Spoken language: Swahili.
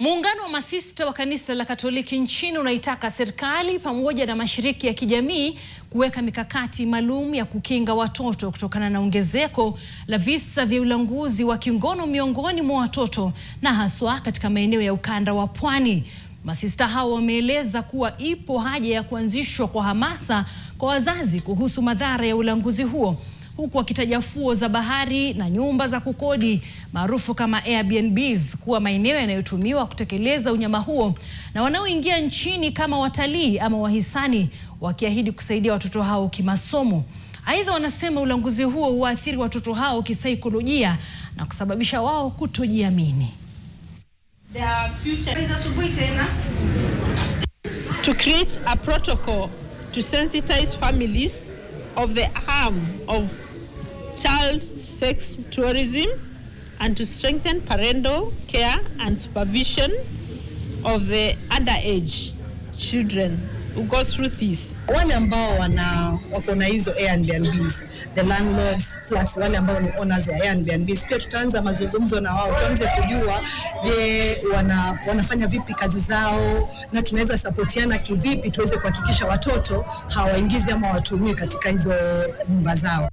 Muungano wa masista wa kanisa la Katoliki nchini unaitaka serikali pamoja na mashiriki ya kijamii kuweka mikakati maalum ya kukinga watoto kutokana na ongezeko la visa vya ulanguzi wa kingono miongoni mwa watoto na haswa katika maeneo ya ukanda wa Pwani. Masista hao wameeleza kuwa ipo haja ya kuanzishwa kwa hamasa kwa wazazi kuhusu madhara ya ulanguzi huo huku wakitaja fuo za bahari na nyumba za kukodi maarufu kama Airbnbs kuwa maeneo yanayotumiwa kutekeleza unyama huo na wanaoingia nchini kama watalii ama wahisani wakiahidi kusaidia watoto hao kimasomo. Aidha, wanasema ulanguzi huo huathiri watoto hao kisaikolojia na kusababisha wao kutojiamini. To create a protocol to sensitize families of the harm of child sex tourism and to strengthen parental care and supervision of the underage children who go through this. Wale ambao wana wako na hizo Airbnbs, the landlords plus wale ambao ni owners wa Airbnbs, pia tutaanza mazungumzo na wao, tuanze kujua je, wana, wanafanya vipi kazi zao na tunaweza sapotiana kivipi tuweze kuhakikisha watoto hawaingizi ama watumii katika hizo nyumba zao.